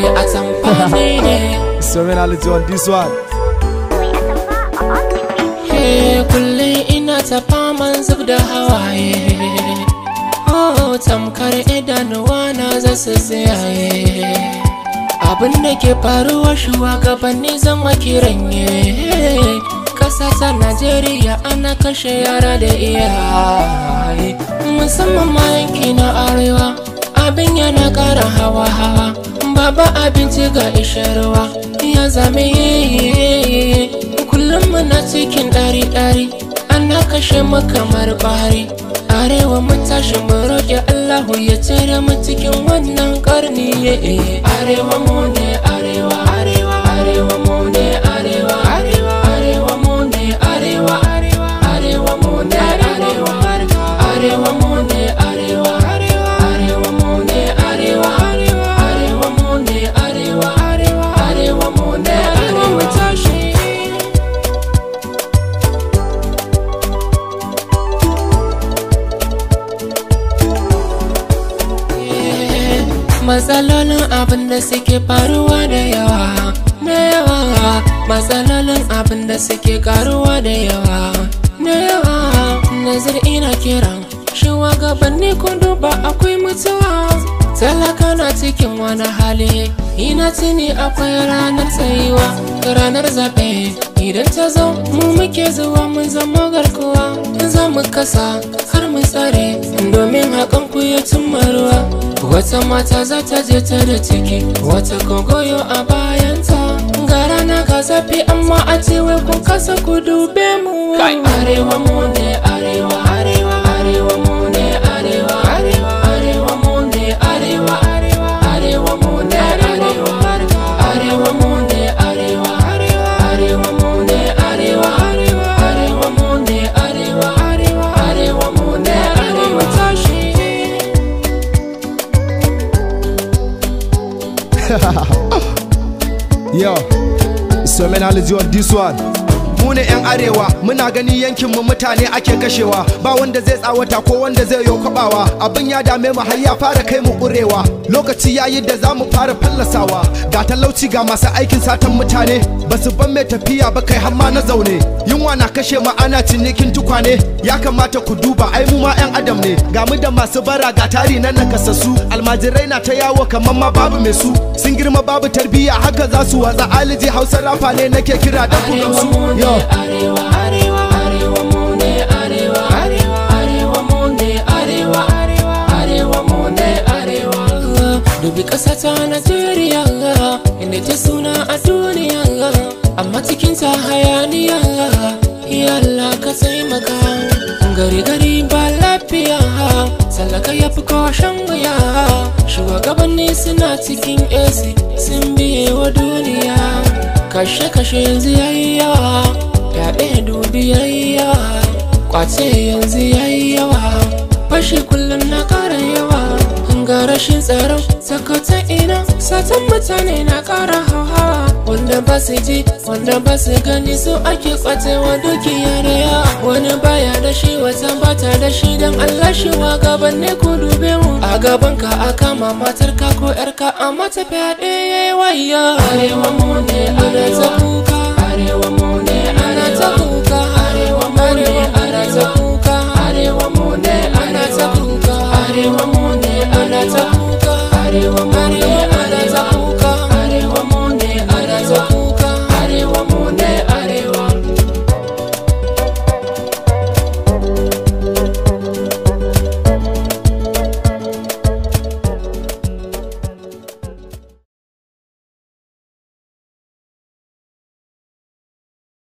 me at some point So when I let you on this one Hey, kullum ina ta zub da hawaye Oh, tamkar idanuwa na zasu tsayaye Abin da ke faruwa shugabanni zama kiranye Kasa ta Najeriya ana kashe yara da iyaye Musamman ma yanki na arewa abin yana ƙara hawa-hawa ba abinci ga isharwa ya zame kullum muna cikin ɗari-ɗari ana kashe mu kamar ƙwari arewa mu tashi mu roƙi allahu ya cire mu cikin wannan ƙarni arewa mu ne matsalolin abin da suke faruwa da yawa na yawa matsalolin abin da suke karuwa da yawa na yawa nazir ina kiran wa gabanni kun duba akwai mutuwa talaka na cikin wani hali ina tini akwai ranar tsayuwa ranar zaɓe idan ta zo mu muke zuwa mun zama garkuwa za mu kasa har mu tsare domin hakan ku ya ruwa wata mata za je ta da ciki wata kogoyo a bayanta ga rana ga zafi amma a ce wai kun kasa ku dube mu arewa ne Yo, Swimming Holiday on this one. mu ne yan arewa muna gani yankin mu mutane ake kashewa ba wanda zai tsawata ko wanda zai yo kwabawa abin ya dame mu har ya fara kai mu kurewa lokaci yayi da zamu fara fallasawa ga talauci ga masu aikin satan mutane basu ban mai tafiya ba kai har ma na zaune yunwa na kashe mu ana cinikin tukwane ya kamata ku duba ai mu ma yan adam ne ga mu da masu bara ga tari na nakasassu almajirai na ta yawo kamar ma babu mai su sun girma babu tarbiyya haka za su watsa aliji hausa rafa ne nake kira da kuma su arewa mu ne arewa mu ne arewa mu ne arewa dubi ƙasa ta Najeriya inda ta suna a duniya amma cikin ta hayaniya yalla ka taimaka gari gari ba lafiya talaka ya fi wuya shugabanni suna cikin AC sun biye wa duniya kashe-kashe yanzu yayi yawa fyaɗe dubi yayi yawa kwace yanzu yayi yawa fashi kullum na ƙara yawa ga rashin tsaro sakata ina satan mutane na ƙara hauhawa wanda ba su ji wanda ba su gani su ake kwatewa dukiya da yawa wani baya da shi wata bata da shi don allah shi wa gaban ne ku dube mu a gaban ka a kama matar ka ko 'yarka ka a mata fyaɗe ya yi waya arewa mu ne